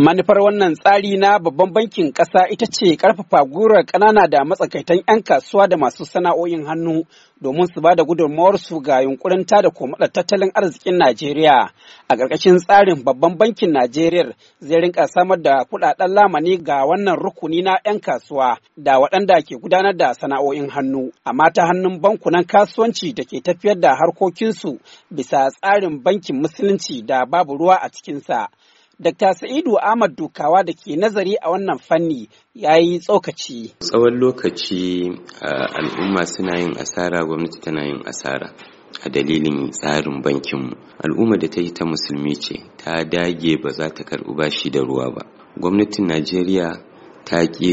Manufar wannan tsari na babban bankin ƙasa ita ce ƙarfafa gurar ƙanana da matsakaitan 'yan kasuwa da masu sana'o'in hannu domin su ba da gudunmawarsu ga yunkurin tada komada tattalin arzikin Najeriya. A ƙarƙashin tsarin babban bankin Najeriya zai rinka samar da kuɗaɗen lamani ga wannan rukuni na 'yan kasuwa da waɗanda ke gudanar da sana'o'in hannu. Amma ta hannun bankunan kasuwanci da ke tafiyar da harkokinsu bisa tsarin bankin musulunci da babu ruwa a cikinsa. Dr. Sa'idu Ahmad Dukawa da ke nazari a wannan fanni ya yi tsokaci. Tsawon lokaci al'umma suna yin asara gwamnati tana yin asara. a dalilin tsarin bankinmu al'umma da ta yi ta musulmi ce ta dage ba za ta karɓi bashi da ruwa ba gwamnatin najeriya ta ƙi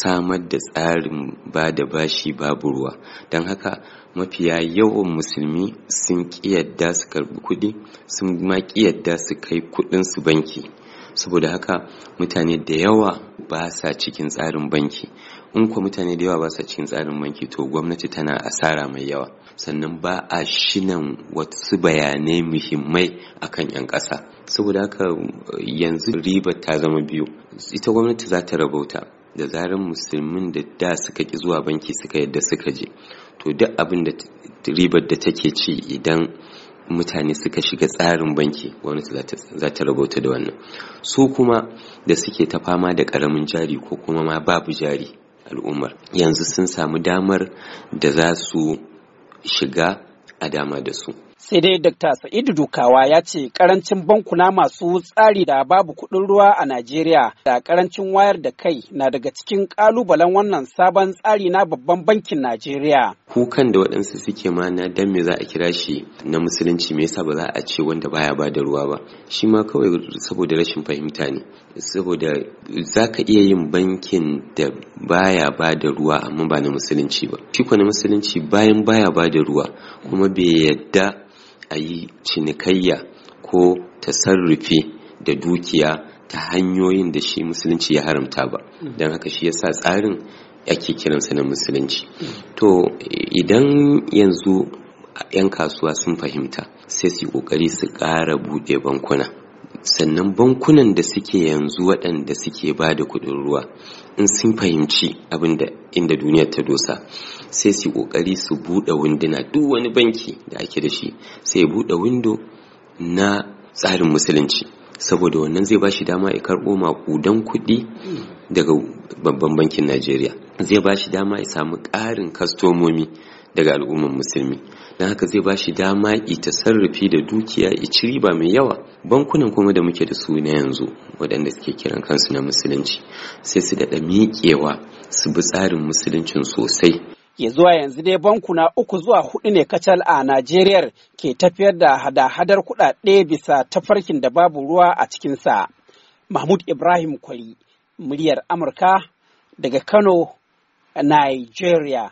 samar da tsarin ba da bashi babu ruwa don haka mafiya yawan musulmi sun ƙiyadda su karbi kuɗi sun ma ƙiyadda su kai kuɗinsu banki saboda haka mutane da yawa ba sa cikin tsarin banki in kuwa mutane da yawa ba sa cikin tsarin banki to gwamnati tana asara mai yawa sannan ba a shinan wasu bayanai muhimmai akan 'yan ƙasa saboda haka yanzu riba ta zama biyu ita gwamnati za ta rabauta da zarar musulmin da da suka ki zuwa banki suka yadda suka je to duk abin da ribar da take ci idan mutane suka shiga tsarin banki wani za ta rabauta da wannan su kuma da suke ta fama da karamin jari ko kuma ma babu jari al'ummar yanzu sun samu damar da za su shiga a dama da su sai dai dr sa'idu dukawa ya ce karancin bankuna masu tsari da babu kuɗin ruwa a najeriya da karancin wayar da kai na daga cikin ƙalubalen wannan sabon tsari na babban bankin najeriya kukan da waɗansu suke ma na dan me za a kira shi na musulunci me yasa ba za a ce wanda baya ba da ruwa ba shi ma kawai saboda rashin fahimta ne saboda za ka iya yin bankin da baya ba da ruwa amma ba na musulunci ba shi na musulunci bayan baya ba da ruwa kuma bai yadda a yi cinikayya ko tasarrufi da dukiya ta hanyoyin da shi musulunci ya haramta ba don haka shi yasa tsarin ake kiransa na musulunci to idan yanzu 'yan kasuwa sun fahimta sai su yi kokari su ƙara bude bankuna sannan bankunan da suke yanzu waɗanda suke ba da kuɗin ruwa in sun fahimci abin da inda duniya ta dosa sai su ƙoƙari su buɗe winduna duk wani banki da ake da shi sai buɗe windo na tsarin musulunci saboda wannan zai ba shi dama ya karɓo maƙudan kuɗi daga babban bankin najeriya zai ba shi dama ya samu ƙarin kastomomi daga al'umman musulmi don haka zai ba shi dama ita sarrafi da dukiya ci riba mai yawa bankunan kuma da muke da su na yanzu waɗanda suke kiran kansu na musulunci sai su daɗa miƙewa su bi tsarin musuluncin sosai ya zuwa yanzu dai bankuna uku zuwa hudu ne kacal a Najeriya ke tafiyar da hada-hadar kudade bisa tafarkin da babu ruwa a cikinsa. Mahmud Ibrahim Kwari, muryar Amurka daga Kano, Nigeria.